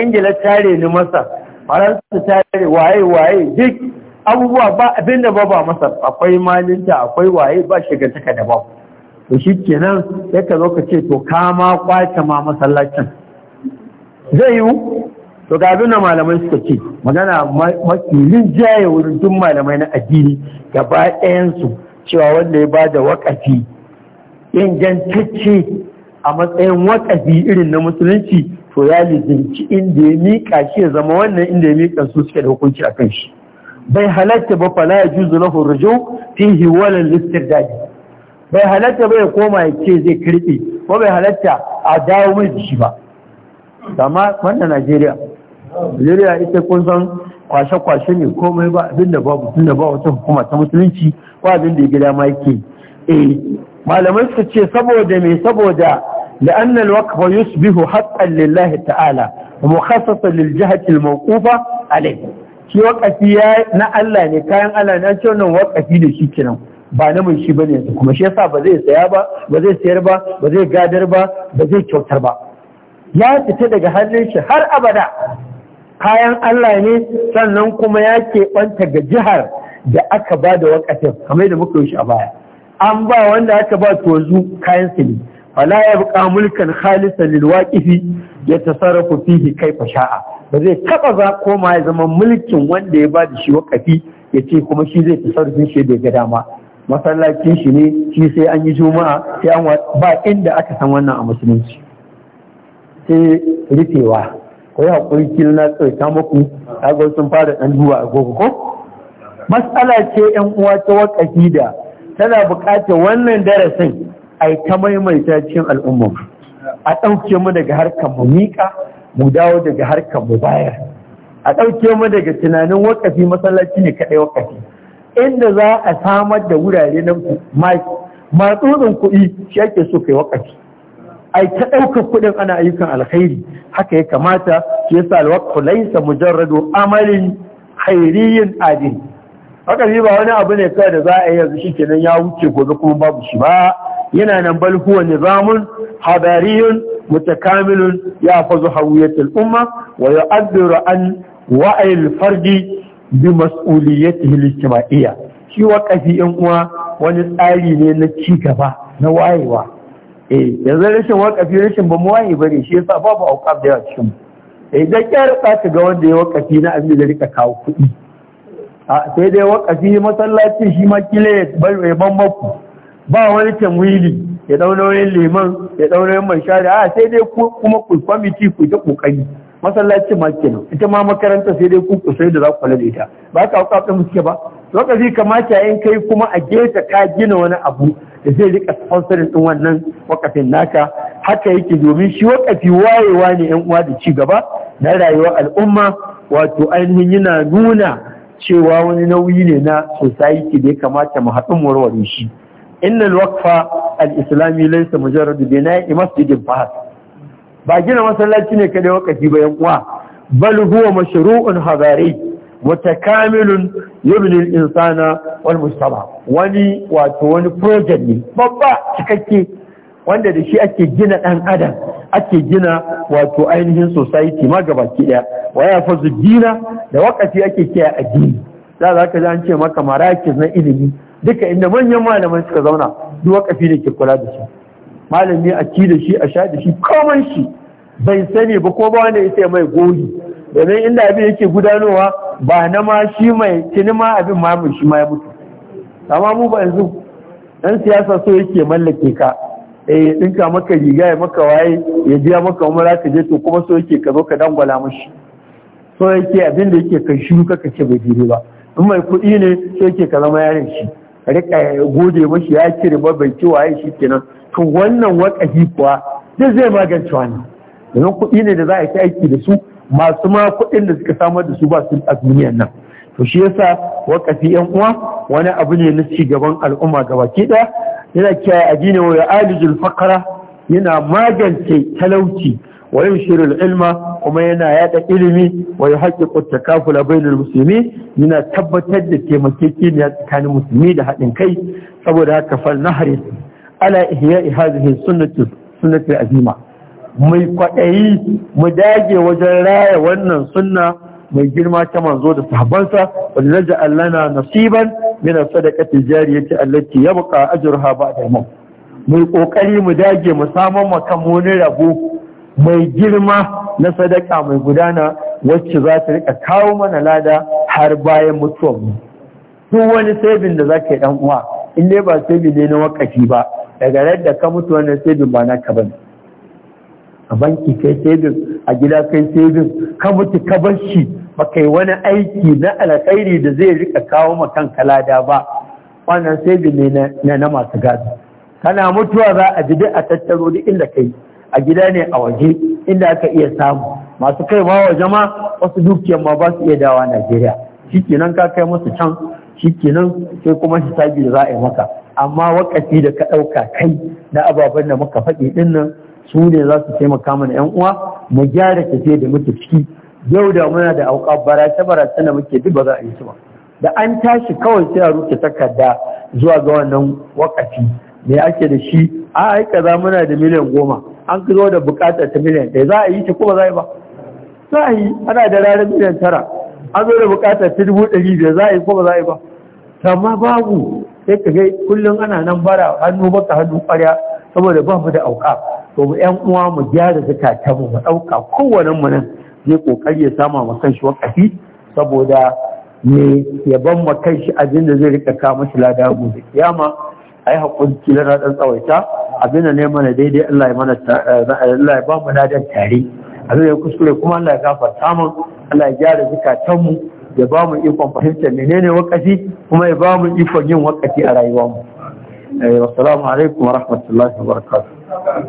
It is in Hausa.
ingila tare ni masar faransa tare waye waye duk abubuwa ba abinda ba ba masar akwai malinta akwai waye ba taka da ba to shi kenan sai ka zo ka ce to kama kwata ma masallacin zai yiwu to ga abin da malamai suka ce magana makilin jaye wurin duk malamai na addini gaba ɗayansu cewa wanda ya ba da wakafi ingantacce a matsayin wakafi irin na musulunci to ya lizinci inda ya miƙa shi ya zama wannan inda ya miƙa su suke da hukunci a kan shi bai halatta ba fala ya juzu na hurjo fihi walan listar daji bai halatta ba ya koma ya ce zai karɓe ko bai halatta a dawo mai da shi ba amma wannan najeriya najeriya ita kun san kwashe-kwashe ne komai ba abin da babu tun da ba wata hukuma ta musulunci ko abin ya gida ma yake eh malamai suka ce saboda me saboda لأن الوقف يصبح حقا لله تعالى ومخصصا للجهة الموقوفة عليه shi wakafi ya na Allah ne kayan Allah ne an ce wakafi da shi kenan ba na mai shi bane yanzu kuma shi yasa ba zai saya ba ba zai sayar ba ba zai gadar ba ba zai kyautar ba ya fita daga hannun shi har abada kayan Allah ne sannan kuma ya keɓanta ga jihar da aka ba da wakafin kamar da muka yi shi a baya an ba wanda aka ba tozu kayan su ne ya yabqa mulkan khalisan lil waqifi yatasarrafu fihi kaifa sha'a ba zai taba za koma ya zama mulkin wanda ya ba da shi waqafi ya ce kuma shi zai tasarrufin shi da ga dama masallacin shi ne shi sai an yi juma'a sai an ba inda aka san wannan a musulunci sai rufewa ko ya hakuri kila na ta muku kaga sun fara dan duwa a gogo ko matsala ce yan uwa ta wakafi da tana buƙatar wannan darasin a ta maimaita cikin al'umma a ɗauke mu daga harkar mu miƙa mu dawo daga harkar mu bayar a ɗauke mu daga tunanin wakafi masallaci ne kaɗai wakafi inda za a samar da wurare na matsutsun kuɗi shi ake so kai wakafi ai ta ɗaukar kuɗin ana ayyukan alkhairi haka ya kamata shi yasa alwaqfu laysa mujarradu amalin khairiyyin adil wakafi ba wani abu ne kawai da za a yi yanzu shikenan ya wuce gobe kuma babu shi ba yana nan bal huwa nizamun habariyun mutakamilun ya fazu hawiyatul umma wa yu'addiru an wa'il fardi bi mas'uliyatihi al-ijtima'iyya shi waqafi in uwa wani tsari ne na ci gaba na wayewa eh yanzu rashin waqafi rashin ba mu waye bane shi yasa babu auqaf da yawa eh da kyar ka ga wanda ya waqafi na abin da rika kawo kuɗi a ah, sai dai waqafi masallaci shi ma kile ya ban maku ba wani tamwili ya wani liman ya dauna wani mashari. a sai dai kuma ku kwamiti ku ta kokari Masallaci ma kenan ita ma makaranta sai dai ku ku sai da za ku kula da ita ba ka hauka mu muke ba lokaci kamata in kai kuma a geta ka gina wani abu da zai rika sponsorin din wannan wakafin naka haka yake domin shi wakafi wayewa ne yan uwa da ci gaba na rayuwar al'umma wato ainihin yana nuna cewa wani nauyi ne na society da ya kamata mu haɗin warware shi inna alwaqfa al-islami laysa mujarrad bina'i masjidin Fahad. ba gina masallaci ne kada wakafi ba yan uwa bal huwa mashru'un hadari mutakamilun yubni al-insana wal mujtama wani wato wani project ne babba cikakke wanda da shi ake gina dan adam ake gina wato ainihin society ma gabaki daya wa ya fazu dina da wakati ake kiyaye addini za za ka ji an ce maka marakis na ilimi duka inda manyan malaman suka zauna duk wakafi ne ke kula da shi malami a ci da shi a sha da shi komai shi bai sani ba ko ba wanda ya mai goyi domin inda abin yake gudanowa ba na ma shi mai tuni ma abin ma mun shi ma ya mutu amma mu ba yanzu dan siyasa so yake mallake ka eh dinka maka riga ya maka waye ya biya maka umara ka je to kuma so yake ka zo ka dangwala mushi so yake abin da yake kai shiru ka ce bai dire ba in mai kuɗi ne so yake ka zama yaren shi rika gode mashi ya ci riba bai ci waye shi kenan to wannan wakafi kuwa duk zai magance wannan domin kuɗi ne da za a yi aiki da su masu ma kuɗin da suka samar da su ba su a duniyan nan to shi yasa wakafi yan uwa wani abu ne na ci gaban al'umma gaba? ɗaya yana kiyaye addini wa ya alijul fakara yana magance talauci wa yushiru ilma kuma yana yada ilimi wa yuhaqqiqu takafula bainal musulmi yana tabbatar da taimakekeniya tsakanin musulmi da haɗin kai saboda haka fal nahri ala ihya'i hadhihi sunnati sunnati azima mai kwaɗayi mu dage wajen raya wannan sunna mai girma ta manzo da sahabbansa wanda naja allana nasiban min sadaqati jariyati allati yabqa ajruha ba'da al-maut mai kokari mu dage mu samu makamonin rabo mai girma na sadaka mai gudana wacce za ta rika kawo mana lada har bayan mutuwar mu duk wani sabin da ka yi dan uwa in dai ba sabin ne na wakafi ba daga da ka mutu wannan sabin ba naka bane a banki kai sabin a gida kai sabin ka mutu ka bar shi ba kai wani aiki na alkhairi da zai rika kawo ma kanka lada ba wannan sabin ne na masu gadi kana mutuwa za a ji a tattaro duk inda kai a gida ne a waje inda aka iya samu masu kai ma wa jama wasu dukiyar ma ba su iya dawa Najeriya shikenan ka kai musu can shikenan sai kuma shi sabi da za a yi maka amma wakati da ka ɗauka kai na ababen da muka faɗi ɗin nan su ne za su taimaka mana yan uwa mu gyara tafiya da muke ciki yau da muna da auka barace barace da muke duk ba za a yi su ba da an tashi kawai sai a rufe takarda zuwa ga wannan wakati me ake da shi a aika za muna da miliyan goma an zo da bukatar ta miliyan ɗaya za a yi ta kuma za a yi ba za a yi ana da ranar miliyan tara an zo da bukatar ta dubu ɗari biyar za a yi kuma za a yi ba amma babu sai ka ga kullum ana nan bara hannu baka hannu ƙwarya saboda ba mu da auka to mu ƴan uwa mu gyara zakata mu mu ɗauka kowane mu nan zai kokari ya sama ma kanshi wakafi saboda ne ya ban ma kanshi abin da zai rika kawo mashi lada gobe kiyama ai hakuri kila na ɗan tsawaita abin da ne mana daidai Allah ya mana eh, eh, Allah ya ba mu ladan tare abin da kuskure kuma Allah ya gafarta mu Allah ya gyara zukatan mu ya ba mu ikon fahimtar menene wakati kuma ya ba mu ikon yin wakati a rayuwarmu. Eh, Assalamu alaikum wa rahmatullahi wa barakatuh.